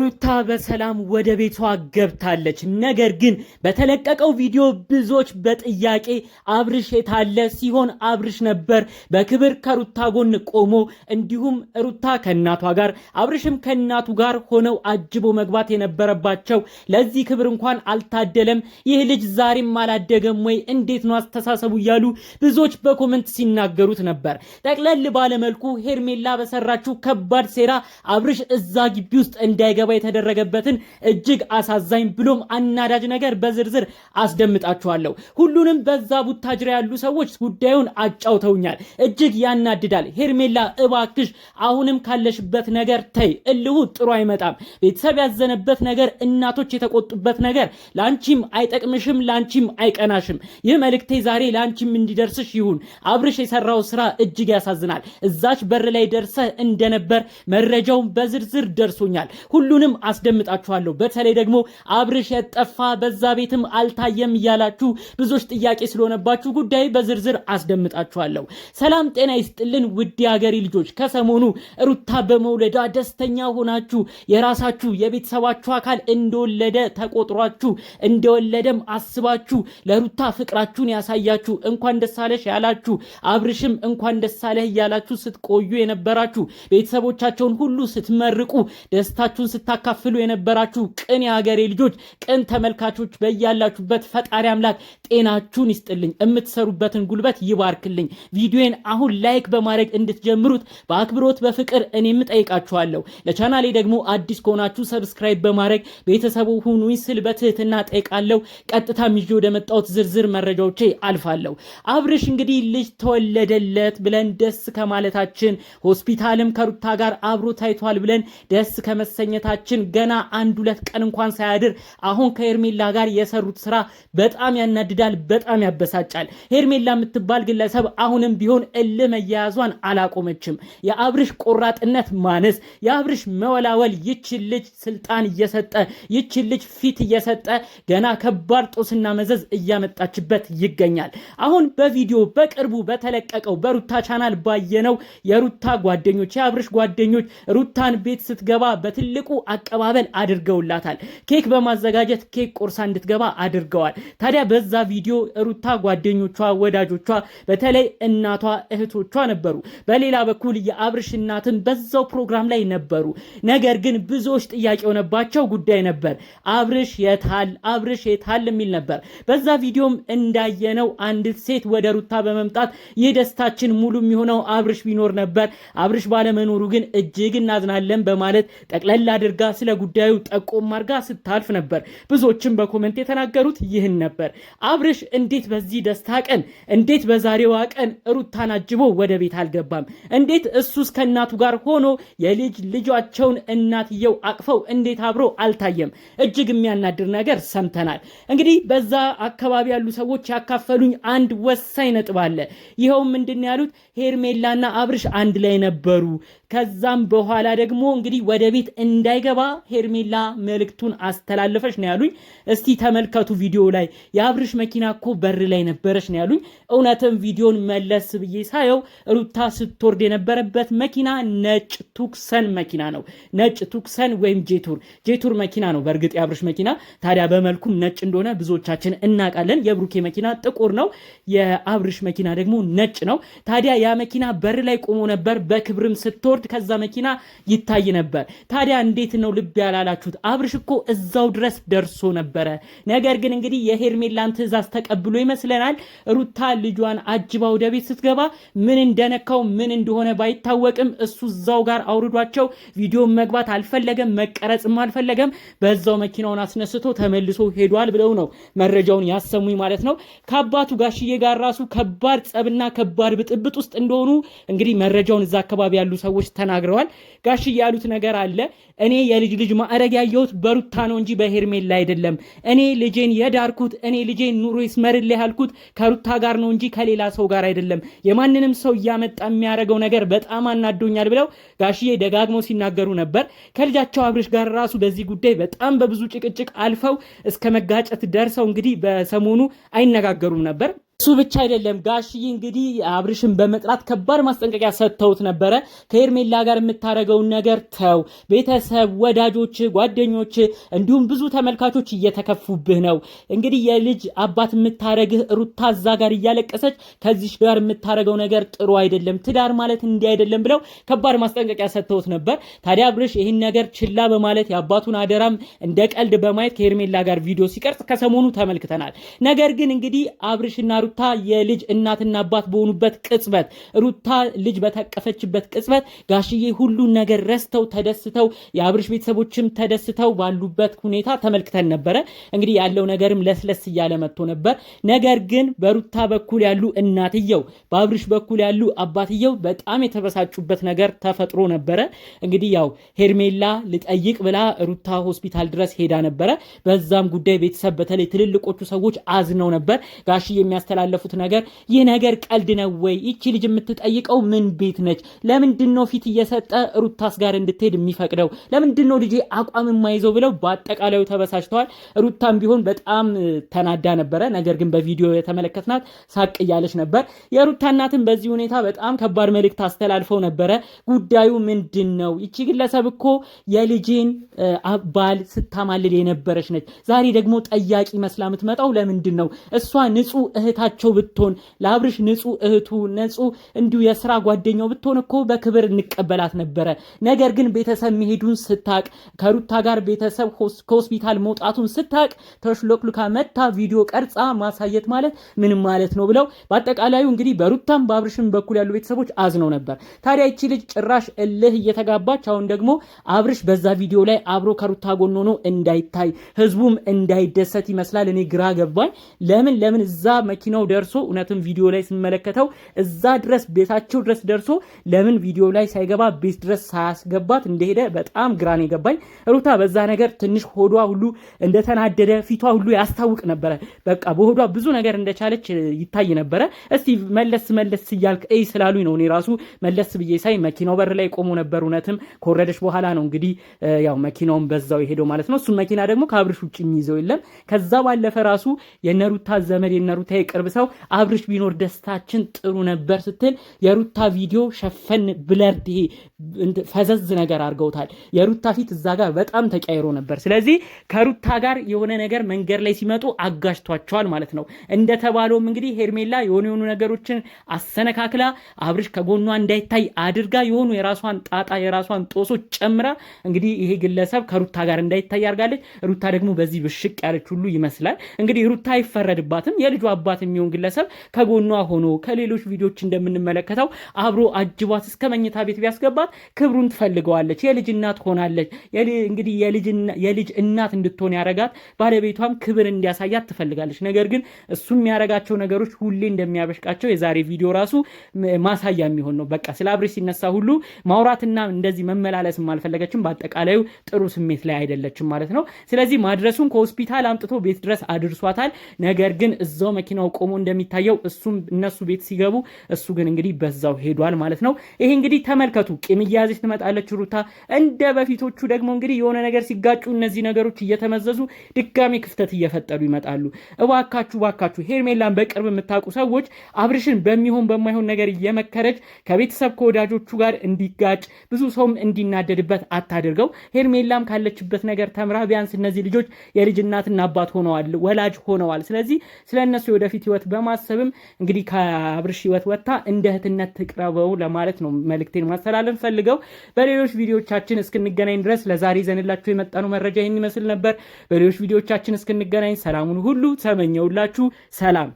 ሩታ በሰላም ወደ ቤቷ ገብታለች። ነገር ግን በተለቀቀው ቪዲዮ ብዙዎች በጥያቄ አብርሽ የታለ ሲሆን አብርሽ ነበር በክብር ከሩታ ጎን ቆሞ እንዲሁም ሩታ ከእናቷ ጋር አብርሽም ከእናቱ ጋር ሆነው አጅቦ መግባት የነበረባቸው። ለዚህ ክብር እንኳን አልታደለም። ይህ ልጅ ዛሬም አላደገም ወይ? እንዴት ነው አስተሳሰቡ? እያሉ ብዙዎች በኮመንት ሲናገሩት ነበር። ጠቅለል ባለመልኩ ሄርሜላ በሰራችው ከባድ ሴራ አብርሽ እዛ ግቢ ውስጥ እንዳይገባ እንዲገባ የተደረገበትን እጅግ አሳዛኝ ብሎም አናዳጅ ነገር በዝርዝር አስደምጣችኋለሁ። ሁሉንም በዛ ቡታጅራ ያሉ ሰዎች ጉዳዩን አጫውተውኛል። እጅግ ያናድዳል። ሄርሜላ እባክሽ አሁንም ካለሽበት ነገር ተይ። እልሁ ጥሩ አይመጣም። ቤተሰብ ያዘነበት ነገር፣ እናቶች የተቆጡበት ነገር ለአንቺም አይጠቅምሽም፣ ለአንቺም አይቀናሽም። ይህ መልእክቴ ዛሬ ለአንቺም እንዲደርስሽ ይሁን። አብርሽ የሰራው ስራ እጅግ ያሳዝናል። እዛች በር ላይ ደርሰህ እንደነበር መረጃውን በዝርዝር ደርሶኛል ሁሉ ሁሉንም አስደምጣችኋለሁ። በተለይ ደግሞ አብርሽ ጠፋ፣ በዛ ቤትም አልታየም እያላችሁ ብዙዎች ጥያቄ ስለሆነባችሁ ጉዳይ በዝርዝር አስደምጣችኋለሁ። ሰላም ጤና ይስጥልን ውድ ሀገሪ ልጆች፣ ከሰሞኑ ሩታ በመውለዷ ደስተኛ ሆናችሁ የራሳችሁ የቤተሰባችሁ አካል እንደወለደ ተቆጥሯችሁ እንደወለደም አስባችሁ ለሩታ ፍቅራችሁን ያሳያችሁ እንኳን ደሳለሽ ያላችሁ አብርሽም እንኳን ደሳለህ እያላችሁ ስትቆዩ የነበራችሁ ቤተሰቦቻቸውን ሁሉ ስትመርቁ ደስታችሁን ስታካፍሉ የነበራችሁ ቅን የሀገሬ ልጆች፣ ቅን ተመልካቾች በያላችሁበት ፈጣሪ አምላክ ጤናችሁን ይስጥልኝ፣ የምትሰሩበትን ጉልበት ይባርክልኝ። ቪዲዮን አሁን ላይክ በማድረግ እንድትጀምሩት በአክብሮት በፍቅር እኔም ጠይቃችኋለሁ። ለቻናሌ ደግሞ አዲስ ከሆናችሁ ሰብስክራይብ በማድረግ ቤተሰቡ ሁኑኝ ስል በትህትና ጠይቃለሁ። ቀጥታ ይዤ ወደ ዝርዝር መረጃዎቼ አልፋለሁ። አብርሽ እንግዲህ ልጅ ተወለደለት ብለን ደስ ከማለታችን ሆስፒታልም ከሩታ ጋር አብሮ ታይቷል ብለን ደስ ከመሰኘታ ጌታችን ገና አንድ ሁለት ቀን እንኳን ሳያድር አሁን ከሄርሜላ ጋር የሰሩት ስራ በጣም ያናድዳል፣ በጣም ያበሳጫል። ሄርሜላ የምትባል ግለሰብ አሁንም ቢሆን እልህ መያያዟን አላቆመችም። የአብርሽ ቆራጥነት ማነስ፣ የአብርሽ መወላወል ይችን ልጅ ስልጣን እየሰጠ ይችን ልጅ ፊት እየሰጠ ገና ከባድ ጦስና መዘዝ እያመጣችበት ይገኛል። አሁን በቪዲዮ በቅርቡ በተለቀቀው በሩታ ቻናል ባየነው የሩታ ጓደኞች የአብርሽ ጓደኞች ሩታን ቤት ስትገባ በትልቁ አቀባበል አድርገውላታል። ኬክ በማዘጋጀት ኬክ ቆርሳ እንድትገባ አድርገዋል። ታዲያ በዛ ቪዲዮ ሩታ ጓደኞቿ፣ ወዳጆቿ በተለይ እናቷ፣ እህቶቿ ነበሩ። በሌላ በኩል የአብርሽ እናትም በዛው ፕሮግራም ላይ ነበሩ። ነገር ግን ብዙዎች ጥያቄ የሆነባቸው ጉዳይ ነበር። አብርሽ የታል አብርሽ የታል የሚል ነበር። በዛ ቪዲዮም እንዳየነው አንዲት ሴት ወደ ሩታ በመምጣት ይህ ደስታችን ሙሉ የሚሆነው አብርሽ ቢኖር ነበር፣ አብርሽ ባለመኖሩ ግን እጅግ እናዝናለን በማለት ጠቅለላ አድርጋ ስለ ጉዳዩ ጠቆም አድርጋ ስታልፍ ነበር። ብዙዎችም በኮመንት የተናገሩት ይህን ነበር። አብርሽ እንዴት በዚህ ደስታ ቀን እንዴት በዛሬዋ ቀን ሩታን አጅቦ ወደ ቤት አልገባም? እንዴት እሱስ ከእናቱ ጋር ሆኖ የልጅ ልጃቸውን እናትየው አቅፈው እንዴት አብሮ አልታየም? እጅግ የሚያናድር ነገር ሰምተናል። እንግዲህ በዛ አካባቢ ያሉ ሰዎች ያካፈሉኝ አንድ ወሳኝ ነጥብ አለ። ይኸውም ምንድን ያሉት ሄርሜላና አብርሽ አንድ ላይ ነበሩ ከዛም በኋላ ደግሞ እንግዲህ ወደ ቤት እንዳይገባ ሄርሜላ መልእክቱን አስተላለፈች ነው ያሉኝ። እስቲ ተመልከቱ ቪዲዮ ላይ የአብርሽ መኪና እኮ በር ላይ ነበረች ነው ያሉኝ። እውነትም ቪዲዮን መለስ ብዬ ሳየው ሩታ ስትወርድ የነበረበት መኪና ነጭ ቱክሰን መኪና ነው። ነጭ ቱክሰን ወይም ጄቱር ጄቱር መኪና ነው በእርግጥ የአብርሽ መኪና። ታዲያ በመልኩም ነጭ እንደሆነ ብዙዎቻችን እናውቃለን። የብሩኬ መኪና ጥቁር ነው፣ የአብርሽ መኪና ደግሞ ነጭ ነው። ታዲያ ያ መኪና በር ላይ ቆሞ ነበር። በክብርም ስትወርድ ፍርድ ከዛ መኪና ይታይ ነበር። ታዲያ እንዴት ነው ልብ ያላላችሁት? አብርሽ እኮ እዛው ድረስ ደርሶ ነበረ። ነገር ግን እንግዲህ የሄርሜላን ትዕዛዝ ተቀብሎ ይመስለናል ሩታ ልጇን አጅባ ወደ ቤት ስትገባ ምን እንደነካው ምን እንደሆነ ባይታወቅም እሱ እዛው ጋር አውርዷቸው ቪዲዮ መግባት አልፈለገም፣ መቀረጽም አልፈለገም። በዛው መኪናውን አስነስቶ ተመልሶ ሄዷል ብለው ነው መረጃውን ያሰሙኝ ማለት ነው። ከአባቱ ጋሽዬ ጋር ራሱ ከባድ ጸብና ከባድ ብጥብጥ ውስጥ እንደሆኑ እንግዲህ መረጃውን እዛ አካባቢ ያሉ ሰዎች ሰዎች ተናግረዋል። ጋሽዬ ያሉት ነገር አለ። እኔ የልጅ ልጅ ማዕረግ ያየሁት በሩታ ነው እንጂ በሄርሜላ አይደለም። እኔ ልጄን የዳርኩት እኔ ልጄን ኑሮ ይስመርልህ ያልኩት ከሩታ ጋር ነው እንጂ ከሌላ ሰው ጋር አይደለም። የማንንም ሰው እያመጣ የሚያደርገው ነገር በጣም አናዶኛል ብለው ጋሽዬ ደጋግመው ሲናገሩ ነበር። ከልጃቸው አብርሽ ጋር ራሱ በዚህ ጉዳይ በጣም በብዙ ጭቅጭቅ አልፈው እስከ መጋጨት ደርሰው እንግዲህ በሰሞኑ አይነጋገሩም ነበር። እሱ ብቻ አይደለም ጋሽዬ እንግዲህ አብርሽን በመጥራት ከባድ ማስጠንቀቂያ ሰጥተውት ነበረ። ከኤርሜላ ጋር የምታደርገውን ነገር ተው፣ ቤተሰብ፣ ወዳጆች፣ ጓደኞች እንዲሁም ብዙ ተመልካቾች እየተከፉብህ ነው። እንግዲህ የልጅ አባት የምታደርግህ ሩታ እዛ ጋር እያለቀሰች ከዚህ ጋር የምታደርገው ነገር ጥሩ አይደለም፣ ትዳር ማለት እንዲህ አይደለም ብለው ከባድ ማስጠንቀቂያ ሰጥተውት ነበር። ታዲያ አብርሽ ይህን ነገር ችላ በማለት የአባቱን አደራም እንደ ቀልድ በማየት ከኤርሜላ ጋር ቪዲዮ ሲቀርጽ ከሰሞኑ ተመልክተናል። ነገር ግን እንግዲህ አብርሽና ሩታ የልጅ እናትና አባት በሆኑበት ቅጽበት፣ ሩታ ልጅ በታቀፈችበት ቅጽበት ጋሽዬ ሁሉን ነገር ረስተው ተደስተው፣ የአብርሽ ቤተሰቦችም ተደስተው ባሉበት ሁኔታ ተመልክተን ነበረ። እንግዲህ ያለው ነገርም ለስለስ እያለ መጥቶ ነበር። ነገር ግን በሩታ በኩል ያሉ እናትየው፣ በአብርሽ በኩል ያሉ አባትየው በጣም የተበሳጩበት ነገር ተፈጥሮ ነበረ። እንግዲህ ያው ሄርሜላ ልጠይቅ ብላ ሩታ ሆስፒታል ድረስ ሄዳ ነበረ። በዛም ጉዳይ ቤተሰብ በተለይ ትልልቆቹ ሰዎች አዝነው ነበር። ጋሽዬ የሚያስተ ያስተላለፉት ነገር ይህ ነገር ቀልድ ነው ወይ? ይቺ ልጅ የምትጠይቀው ምን ቤት ነች? ለምንድን ነው ፊት እየሰጠ ሩታስ ጋር እንድትሄድ የሚፈቅደው? ለምንድን ነው ልጄ አቋም የማይዘው? ብለው በአጠቃላዩ ተበሳጭተዋል። ሩታም ቢሆን በጣም ተናዳ ነበረ። ነገር ግን በቪዲዮ የተመለከትናት ሳቅ እያለች ነበር። የሩታ እናትን በዚህ ሁኔታ በጣም ከባድ መልእክት አስተላልፈው ነበረ። ጉዳዩ ምንድን ነው? ይቺ ግለሰብ እኮ የልጄን ባል ስታማልል የነበረች ነች። ዛሬ ደግሞ ጠያቂ መስላ የምትመጣው ለምንድን ነው? እሷ ንጹህ እህታ እህታቸው ብትሆን ለአብርሽ ንጹህ እህቱ ንጹህ እንዲሁ የስራ ጓደኛው ብትሆን እኮ በክብር እንቀበላት ነበረ። ነገር ግን ቤተሰብ መሄዱን ስታቅ ከሩታ ጋር ቤተሰብ ከሆስፒታል መውጣቱን ስታቅ ተሽሎክሉካ መታ ቪዲዮ ቀርጻ ማሳየት ማለት ምንም ማለት ነው ብለው በአጠቃላዩ እንግዲህ በሩታም በአብርሽም በኩል ያሉ ቤተሰቦች አዝነው ነበር። ታዲያ ይቺ ልጅ ጭራሽ እልህ እየተጋባች አሁን ደግሞ አብርሽ በዛ ቪዲዮ ላይ አብሮ ከሩታ ጎን ሆኖ እንዳይታይ ህዝቡም እንዳይደሰት ይመስላል። እኔ ግራ ገባኝ። ለምን ለምን እዛ መኪና ነው ደርሶ እውነትም ቪዲዮ ላይ ስመለከተው እዛ ድረስ ቤታቸው ድረስ ደርሶ ለምን ቪዲዮ ላይ ሳይገባ ቤት ድረስ ሳያስገባት እንደሄደ በጣም ግራን የገባኝ ሩታ በዛ ነገር ትንሽ ሆዷ ሁሉ እንደተናደደ ፊቷ ሁሉ ያስታውቅ ነበረ። በቃ በሆዷ ብዙ ነገር እንደቻለች ይታይ ነበረ። እስቲ መለስ መለስ እያልክ እይ ስላሉኝ ነው እኔ ራሱ መለስ ብዬ ሳይ መኪናው በር ላይ ቆሞ ነበር። እውነትም ከወረደች በኋላ ነው እንግዲህ ያው መኪናውን በዛው የሄደው ማለት ነው። እሱ መኪና ደግሞ ከአብርሽ ውጭ የሚይዘው የለም። ከዛ ባለፈ ራሱ የነሩታ ዘመድ የነሩታ የቅርብ አጎንብሰው አብርሽ ቢኖር ደስታችን ጥሩ ነበር ስትል የሩታ ቪዲዮ ሸፈን ብለርድ ፈዘዝ ነገር አድርገውታል። የሩታ ፊት እዛ ጋር በጣም ተቀይሮ ነበር። ስለዚህ ከሩታ ጋር የሆነ ነገር መንገድ ላይ ሲመጡ አጋጅቷቸዋል ማለት ነው። እንደተባለውም እንግዲህ ሄርሜላ የሆኑ የሆኑ ነገሮችን አሰነካክላ አብርሽ ከጎኗ እንዳይታይ አድርጋ የሆኑ የራሷን ጣጣ የራሷን ጦሶች ጨምራ እንግዲህ ይሄ ግለሰብ ከሩታ ጋር እንዳይታይ አድርጋለች። ሩታ ደግሞ በዚህ ብሽቅ ያለች ሁሉ ይመስላል። እንግዲህ ሩታ አይፈረድባትም የልጁ አባት የሚሆን ግለሰብ ከጎኗ ሆኖ ከሌሎች ቪዲዮዎች እንደምንመለከተው አብሮ አጅቧት እስከ መኝታ ቤት ቢያስገባት ክብሩን ትፈልገዋለች። የልጅ እናት ሆናለች። እንግዲህ የልጅ እናት እንድትሆን ያረጋት ባለቤቷም ክብር እንዲያሳያት ትፈልጋለች። ነገር ግን እሱ የሚያረጋቸው ነገሮች ሁሌ እንደሚያበሽቃቸው የዛሬ ቪዲዮ ራሱ ማሳያ የሚሆን ነው። በቃ ስለ አብሬ ሲነሳ ሁሉ ማውራትና እንደዚህ መመላለስም አልፈለገችም። በአጠቃላዩ ጥሩ ስሜት ላይ አይደለችም ማለት ነው። ስለዚህ ማድረሱን ከሆስፒታል አምጥቶ ቤት ድረስ አድርሷታል። ነገር ግን እዛው መኪናው ቆሞ እንደሚታየው እሱም እነሱ ቤት ሲገቡ እሱ ግን እንግዲህ በዛው ሄዷል ማለት ነው። ይሄ እንግዲህ ተመልከቱ። ቂም እያያዘች ትመጣለች ሩታ። እንደ በፊቶቹ ደግሞ እንግዲህ የሆነ ነገር ሲጋጩ እነዚህ ነገሮች እየተመዘዙ ድጋሜ ክፍተት እየፈጠሩ ይመጣሉ። እባካችሁ እባካችሁ ሄርሜላን በቅርብ የምታውቁ ሰዎች አብርሽን በሚሆን በማይሆን ነገር እየመከረች ከቤተሰብ ከወዳጆቹ ጋር እንዲጋጭ ብዙ ሰውም እንዲናደድበት አታድርገው። ሄርሜላም ካለችበት ነገር ተምራ ቢያንስ እነዚህ ልጆች የልጅ እናትና አባት ሆነዋል፣ ወላጅ ሆነዋል። ስለዚህ ስለ እነሱ የወደፊት ህይወት በማሰብም እንግዲህ ከአብርሽ ህይወት ወጥታ እንደ እህትነት ትቅረበው ለማለት ነው መልእክቴን ማስተላለፍ ፈልገው። በሌሎች ቪዲዮቻችን እስክንገናኝ ድረስ ለዛሬ ዘንላችሁ የመጣነው መረጃ ይህን ይመስል ነበር። በሌሎች ቪዲዮቻችን እስክንገናኝ ሰላሙን ሁሉ ተመኘውላችሁ። ሰላም